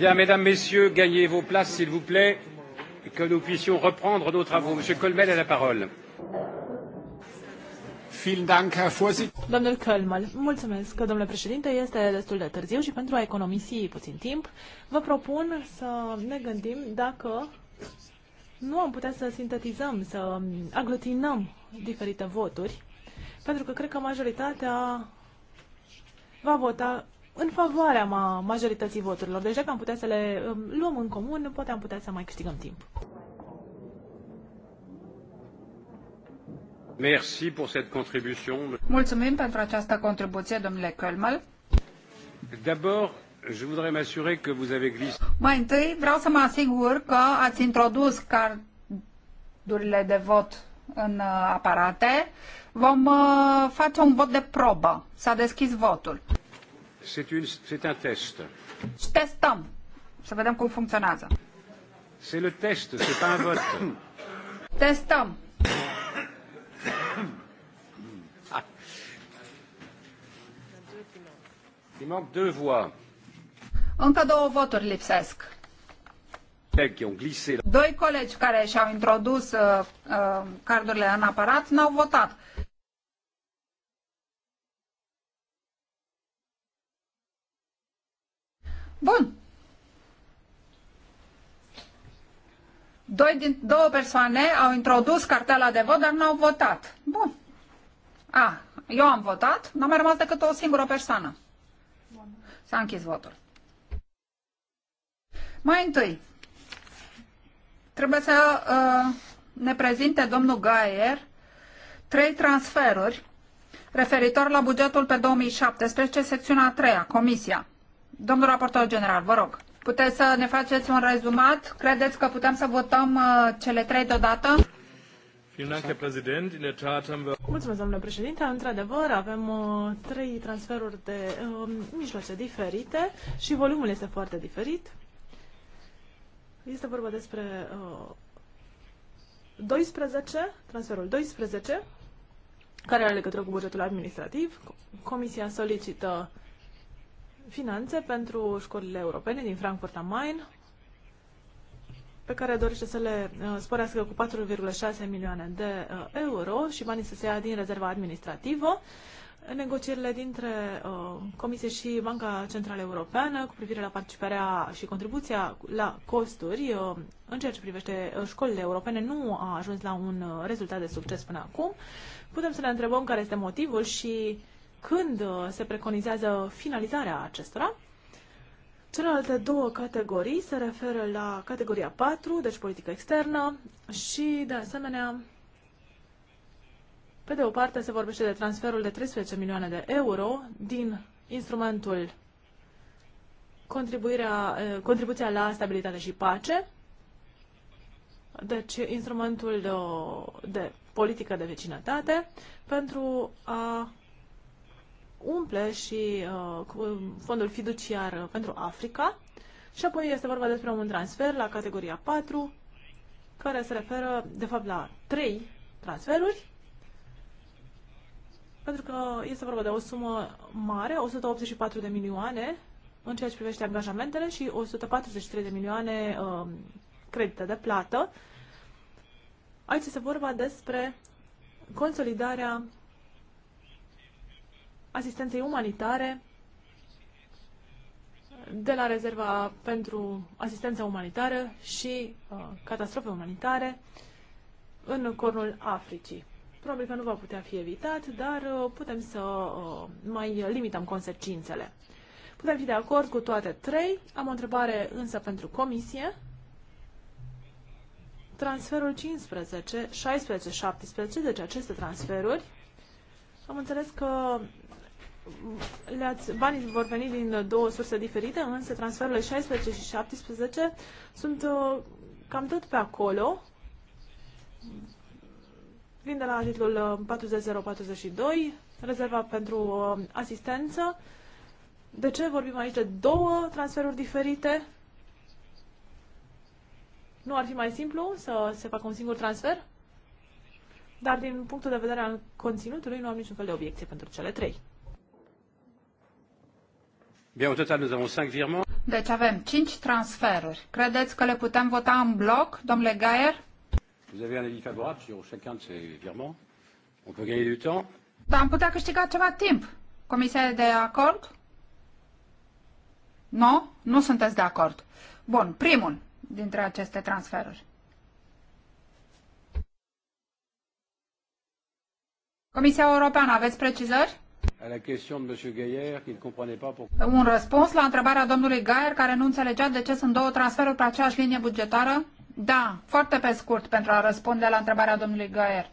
Bien, mesdames, messieurs, gagnez vos places, s'il vous plaît, que nous puissions reprendre nos travaux. Monsieur Colmel a la parole. Domnul Kölmel, mulțumesc, domnule președinte, este destul de târziu și pentru a economisi puțin timp, vă propun să ne gândim dacă nu am putea să sintetizăm, să aglutinăm diferite voturi, pentru că cred că majoritatea va vota în favoarea ma majorității voturilor. Deci dacă am putea să le um, luăm în comun, poate am putea să mai câștigăm timp. Merci pour cette contribution. Mulțumim pentru această contribuție, domnule Kölmel. D'abord, je voudrais m'assurer que vous avez glissé. Mai întâi vreau să mă asigur că ați introdus cardurile de vot în uh, aparate. Vom uh, face un vot de probă. S-a deschis votul. C'est un test. Testăm. Să vedem cum funcționează. C'est le test, c'est pas un vote. Testăm. ah. Il manque deux voix. Încă două voturi lipsesc. Doi colegi care și-au introdus uh, uh, cardurile în aparat n-au votat. Doi din, două persoane au introdus cartela de vot, dar nu au votat. Bun. A, eu am votat, n-a mai rămas decât o singură persoană. S-a închis votul. Mai întâi, trebuie să uh, ne prezinte domnul Gaier trei transferuri referitor la bugetul pe 2017, secțiunea a treia, Comisia. Domnul raportor general, vă rog. Puteți să ne faceți un rezumat? Credeți că putem să votăm uh, cele trei deodată? Mulțumesc, domnule președinte. Într-adevăr, avem uh, trei transferuri de uh, mijloace diferite și volumul este foarte diferit. Este vorba despre uh, 12, transferul 12, care are legătură cu bugetul administrativ. Comisia solicită uh, finanțe pentru școlile europene din Frankfurt am Main, pe care dorește să le uh, sporească cu 4,6 milioane de uh, euro și banii să se ia din rezerva administrativă. Negocierile dintre uh, Comisie și Banca Centrală Europeană cu privire la participarea și contribuția la costuri în ceea ce privește școlile europene nu a ajuns la un rezultat de succes până acum. Putem să ne întrebăm care este motivul și când uh, se preconizează finalizarea acestora. Celelalte două categorii se referă la categoria 4, deci politică externă, și, de asemenea, pe de o parte se vorbește de transferul de 13 milioane de euro din instrumentul contribuirea, contribuția la stabilitate și pace, deci instrumentul de, de politică de vecinătate, pentru a umple și uh, fondul fiduciar pentru Africa și apoi este vorba despre un transfer la categoria 4 care se referă de fapt la 3 transferuri pentru că este vorba de o sumă mare, 184 de milioane în ceea ce privește angajamentele și 143 de milioane uh, credite de plată. Aici este vorba despre consolidarea asistenței umanitare de la rezerva pentru asistență umanitară și uh, catastrofe umanitare în cornul Africii. Probabil că nu va putea fi evitat, dar uh, putem să uh, mai limităm consecințele. Putem fi de acord cu toate trei. Am o întrebare însă pentru comisie. Transferul 15, 16, 17, deci aceste transferuri, am înțeles că banii vor veni din două surse diferite, însă transferurile 16 și 17 sunt uh, cam tot pe acolo. Vin de la titlul 40042, uh, rezerva pentru uh, asistență. De ce vorbim aici de două transferuri diferite? Nu ar fi mai simplu să se facă un singur transfer? Dar din punctul de vedere al conținutului nu am niciun fel de obiecție pentru cele trei. Bien, au total, nous avons cinq virements. Deci avem cinci transferuri. Credeți că le putem vota în bloc, domnule Gaier? Vous avez un avis favorable sur chacun de ces virements. On peut gagner du temps. Da, am putea câștiga ceva timp. Comisia de acord? Nu? Nu sunteți de acord. Bun, primul dintre aceste transferuri. Comisia Europeană, aveți precizări? Un răspuns la întrebarea domnului Gaier, care nu înțelegea de ce sunt două transferuri pe aceeași linie bugetară? Da, foarte pe scurt, pentru a răspunde la întrebarea domnului Gaier.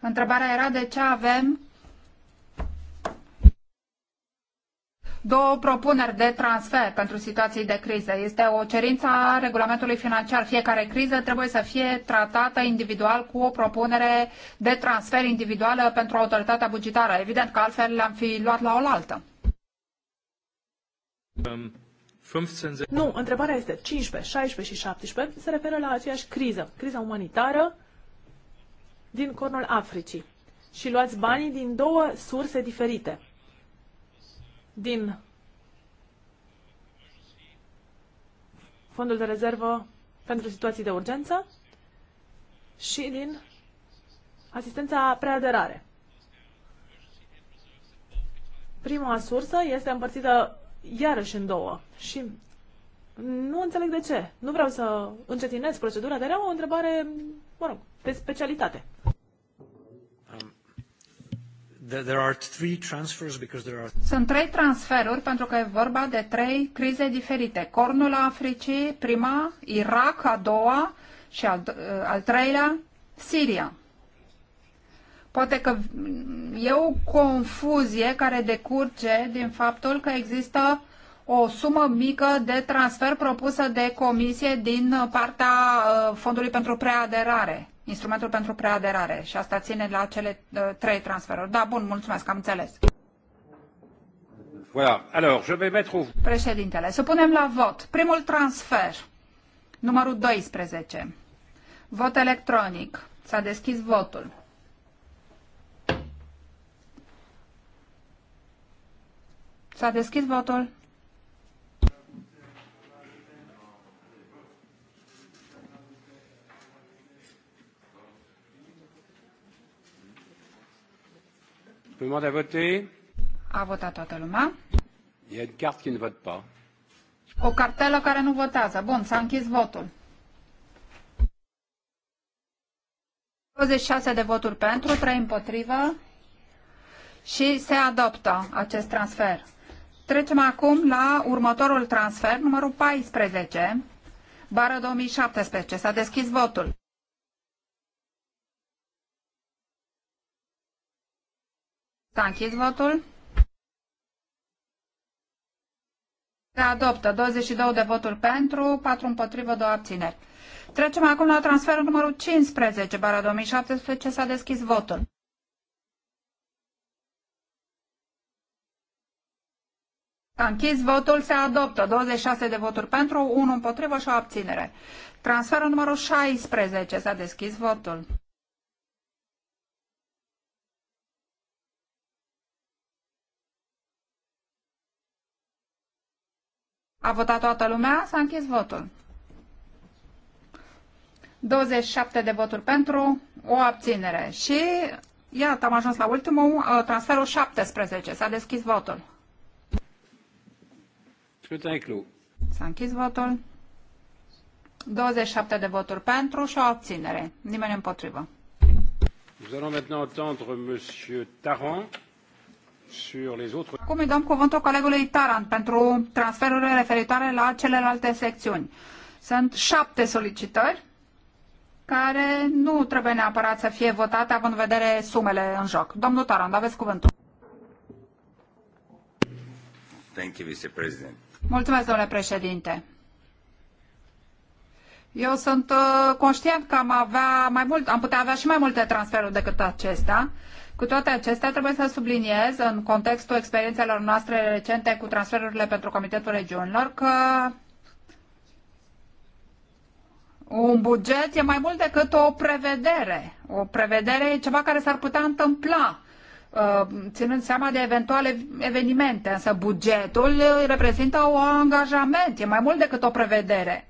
Întrebarea era de ce avem două propuneri de transfer pentru situații de criză. Este o cerință a regulamentului financiar. Fiecare criză trebuie să fie tratată individual cu o propunere de transfer individuală pentru autoritatea bugetară. Evident că altfel le-am fi luat la oaltă. Um. 15... Nu, întrebarea este 15, 16 și 17 se referă la aceeași criză, criza umanitară din cornul Africii. Și luați banii din două surse diferite din fondul de rezervă pentru situații de urgență și din asistența preaderare. Prima sursă este împărțită iarăși în două și nu înțeleg de ce. Nu vreau să încetinez procedura, dar am o întrebare, mă rog, de specialitate. There are three transfers because there are... Sunt trei transferuri pentru că e vorba de trei crize diferite. Cornul Africii, prima, Irak, a doua și al, al treilea, Siria. Poate că e o confuzie care decurge din faptul că există o sumă mică de transfer propusă de comisie din partea uh, Fondului pentru Preaderare instrumentul pentru preaderare și asta ține la cele uh, trei transferuri. Da, bun, mulțumesc, am înțeles. Voilà. Alors, je vais mettre Președintele, să punem la vot primul transfer, numărul 12. Vot electronic. S-a deschis votul. S-a deschis votul. Tout le monde a voté A votat toată lumea. Il y a une carte qui ne vote pas. O cartelă care nu votează. Bun, s-a închis votul. 26 de voturi pentru, 3 împotrivă și se adoptă acest transfer. Trecem acum la următorul transfer, numărul 14, bară 2017. S-a deschis votul. Să a votul. Se adoptă 22 de voturi pentru, 4 împotrivă, 2 abțineri. Trecem acum la transferul numărul 15, bara 2017, s-a deschis votul. S-a închis votul, se adoptă 26 de voturi pentru, 1 împotrivă și o abținere. Transferul numărul 16, s-a deschis votul. A votat toată lumea? S-a închis votul. 27 de voturi pentru, o abținere. Și, iată, am ajuns la ultimul, uh, transferul 17. S-a deschis votul. S-a închis votul. 27 de voturi pentru și o abținere. Nimeni împotrivă. Nous allons maintenant entendre M. Tarant. Acum îi dăm cuvântul colegului Taran pentru transferurile referitoare la celelalte secțiuni. Sunt șapte solicitări care nu trebuie neapărat să fie votate având în vedere sumele în joc. Domnul Taran, aveți cuvântul. Thank you, Mulțumesc, domnule președinte. Eu sunt uh, conștient că am avea mai mult, am putea avea și mai multe transferuri decât acestea. Cu toate acestea, trebuie să subliniez, în contextul experiențelor noastre recente cu transferurile pentru Comitetul Regiunilor, că un buget e mai mult decât o prevedere. O prevedere e ceva care s-ar putea întâmpla, uh, ținând seama de eventuale evenimente. Însă bugetul reprezintă un angajament, e mai mult decât o prevedere.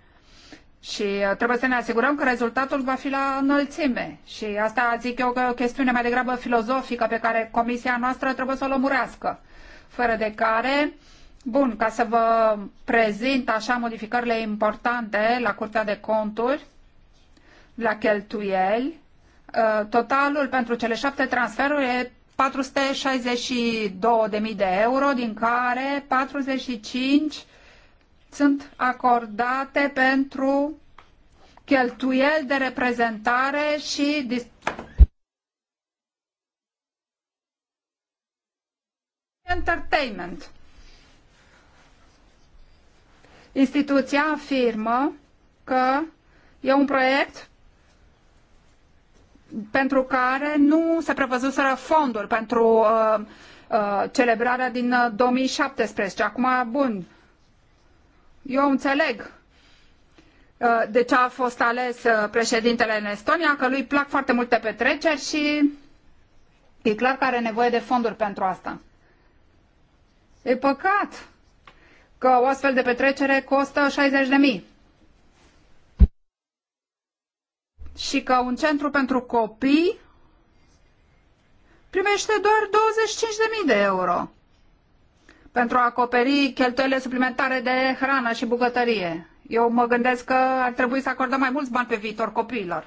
Și uh, trebuie să ne asigurăm că rezultatul va fi la înălțime. Și asta zic eu că e o chestiune mai degrabă filozofică pe care comisia noastră trebuie să o lămurească. Fără de care, bun, ca să vă prezint așa modificările importante la Curtea de Conturi, la cheltuieli, uh, totalul pentru cele șapte transferuri e 462.000 de euro, din care 45 sunt acordate pentru cheltuieli de reprezentare și entertainment. Instituția afirmă că e un proiect pentru care nu se prevăzuseră fonduri pentru uh, uh, celebrarea din 2017. Uh, Acum, bun, eu înțeleg uh, de ce a fost ales uh, președintele în Estonia, că lui plac foarte multe petreceri și e clar că are nevoie de fonduri pentru asta. E păcat că o astfel de petrecere costă 60 de mii. Și că un centru pentru copii primește doar de mii de euro pentru a acoperi cheltuielile suplimentare de hrană și bucătărie. Eu mă gândesc că ar trebui să acordăm mai mulți bani pe viitor copiilor.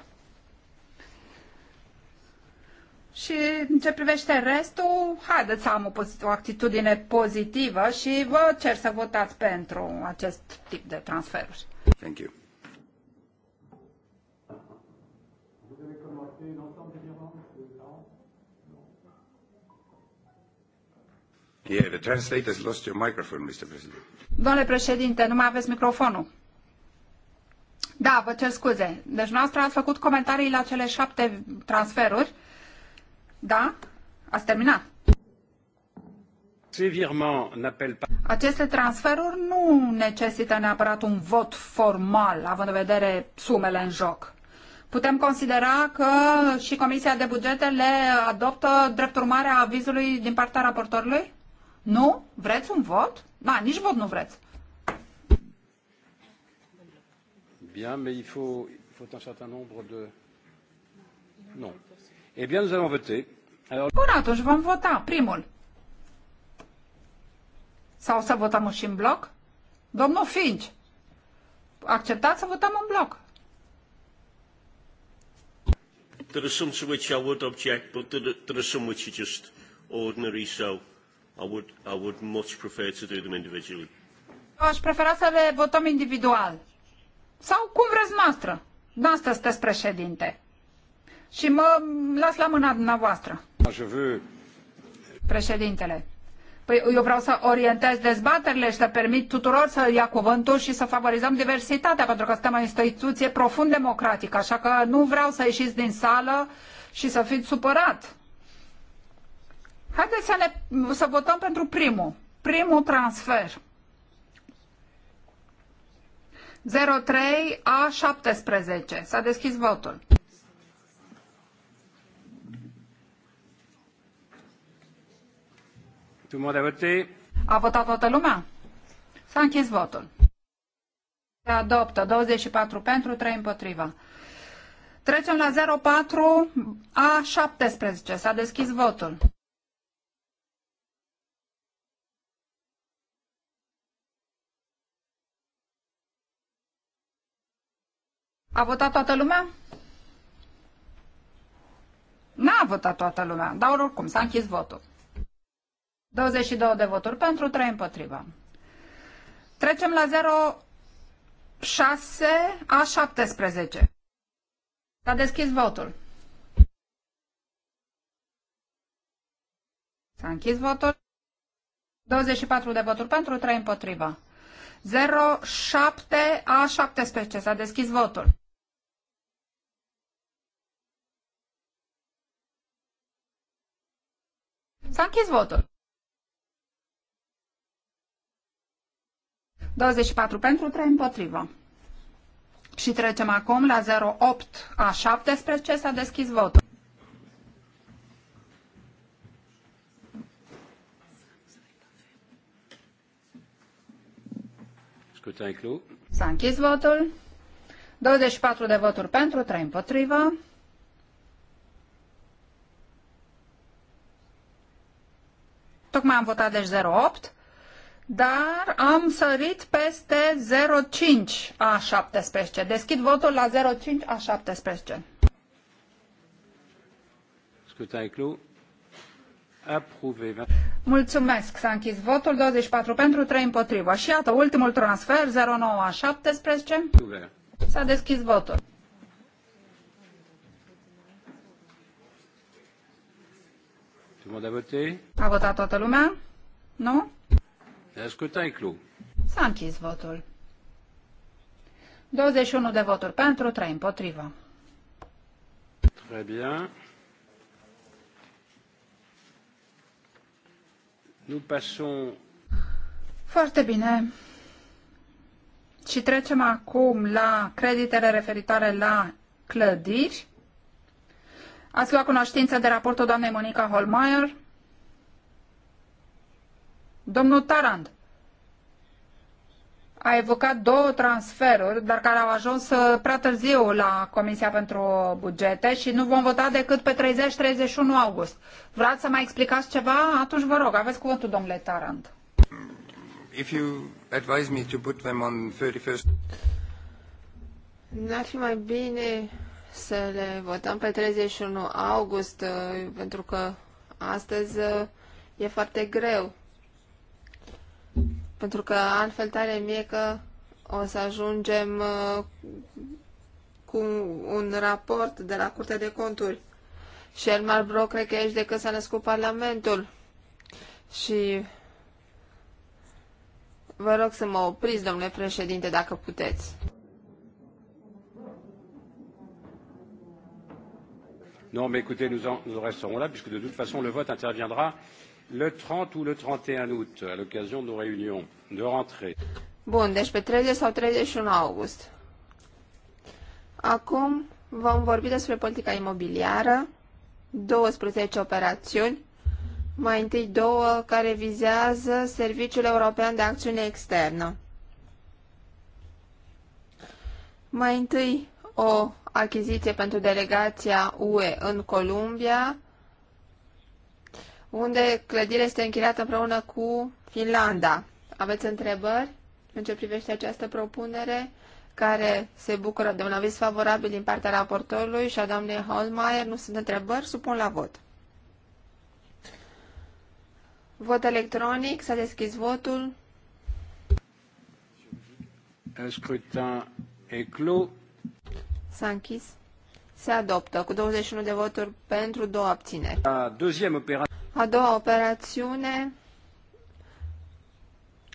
Și în ce privește restul, haideți să am o, o actitudine pozitivă și vă cer să votați pentru acest tip de transferuri. Thank you. Yeah, the translator has lost Domnule președinte, nu mai aveți microfonul. Da, vă cer scuze. Deci noastră ați făcut comentarii la cele șapte transferuri. Da? Ați terminat. Aceste transferuri nu necesită neapărat un vot formal, având în vedere sumele în joc. Putem considera că și Comisia de Bugete le adoptă drept urmare a avizului din partea raportorului? Nu? Vreți un vot? Da, nici vot nu vreți. Bien, mais il faut, il faut un certain nombre de... Non. Eh bien, nous allons voter. Alors... Bun, atunci vom vota primul. Sau să votăm și în bloc? Domnul Finci, acceptați să votăm în bloc. There are some to which I would object, but there are, there are some which are just ordinary, so... I would, I would much prefer to do them individually. Aș prefera să le votăm individual. Sau cum vreți noastră. Noastră sunteți președinte. Și mă las la mâna dumneavoastră. Președintele. Păi eu vreau să orientez dezbaterile și să permit tuturor să ia cuvântul și să favorizăm diversitatea, pentru că suntem o instituție profund democratică, așa că nu vreau să ieșiți din sală și să fiți supărat. Haideți să, le, să votăm pentru primul. Primul transfer. 03A17. S-a deschis votul. A votat toată lumea? S-a închis votul. Se adoptă 24 pentru, 3 împotriva. Trecem la 04A17. S-a deschis votul. A votat toată lumea? N-a votat toată lumea, dar oricum s-a închis votul. 22 de voturi pentru, 3 împotriva. Trecem la 06 a 17. S-a deschis votul. S-a închis votul. 24 de voturi pentru, 3 împotriva. 07 a 17. S-a deschis votul. s închis votul. 24 pentru, 3 împotrivă. Și trecem acum la 08 a 17, s-a deschis votul. S-a închis votul. 24 de voturi pentru, 3 împotrivă. Tocmai am votat deci 08, dar am sărit peste 05 a 17. Deschid votul la 05 a 17. Mulțumesc, s-a închis votul, 24 pentru, 3 împotrivă. Și iată, ultimul transfer, 09 a 17. S-a deschis votul. monde a voté? A votat toată lumea? Nu? Scrutin e clos. S-a închis votul. 21 de voturi pentru, 3 împotrivă. Très bien. Nous passons... Foarte bine. Și trecem acum la creditele referitoare la clădiri. Ați luat cunoștință de raportul doamnei Monica Holmeier? Domnul Tarand a evocat două transferuri, dar care au ajuns uh, prea târziu la Comisia pentru Bugete și nu vom vota decât pe 30-31 august. Vreați să mai explicați ceva? Atunci vă rog, aveți cuvântul, domnule Tarand. If you advise me to put them on 31st... N-ar fi mai bine să le votăm pe 31 august, uh, pentru că astăzi uh, e foarte greu. Pentru că altfel tare mie că o să ajungem uh, cu un raport de la Curtea de Conturi. Și Elmar Bro cred că ești de s-a născut Parlamentul. Și vă rog să mă opriți, domnule președinte, dacă puteți. Non, mais écoutez, nous, en, nous en resterons là, puisque de toute façon, le vote interviendra le 30 ou le 31 août, à l'occasion de nos réunions de rentrée. Bun, deci pe 30 sau 31 august. Acum vom vorbi despre politica imobiliară, 12 operațiuni, mai întâi două care vizează Serviciul European de Acțiune Externă. Mai întâi o achiziție pentru delegația UE în Columbia, unde clădirea este închiriată împreună cu Finlanda. Aveți întrebări în ce privește această propunere care se bucură de un aviz favorabil din partea raportorului și a doamnei Holmeier? Nu sunt întrebări, supun la vot. Vot electronic, s-a deschis votul. Scrutin e clos. S-a închis. Se adoptă cu 21 de voturi pentru două abțineri. A, A doua operațiune,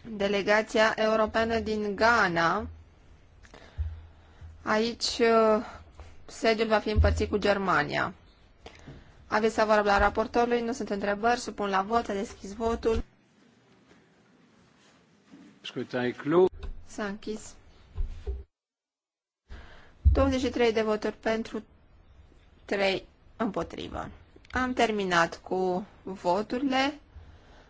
delegația europeană din Ghana. Aici uh, sediul va fi împărțit cu Germania. Aveți favorabil la raportorului, nu sunt întrebări, supun la vot, a deschis votul. S-a închis. 23 de voturi pentru, 3 împotrivă. Am terminat cu voturile.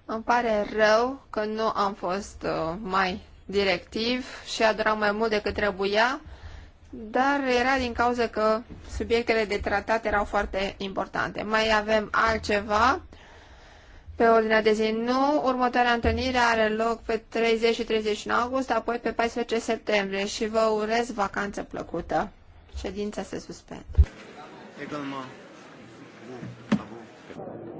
Îmi pare rău că nu am fost uh, mai directiv și adoram mai mult decât trebuia, dar era din cauza că subiectele de tratat erau foarte importante. Mai avem altceva pe ordinea de zi. Nu, următoarea întâlnire are loc pe 30 și 31 august, apoi pe 14 septembrie și vă urez vacanță plăcută. Ședința se suspendă. Également.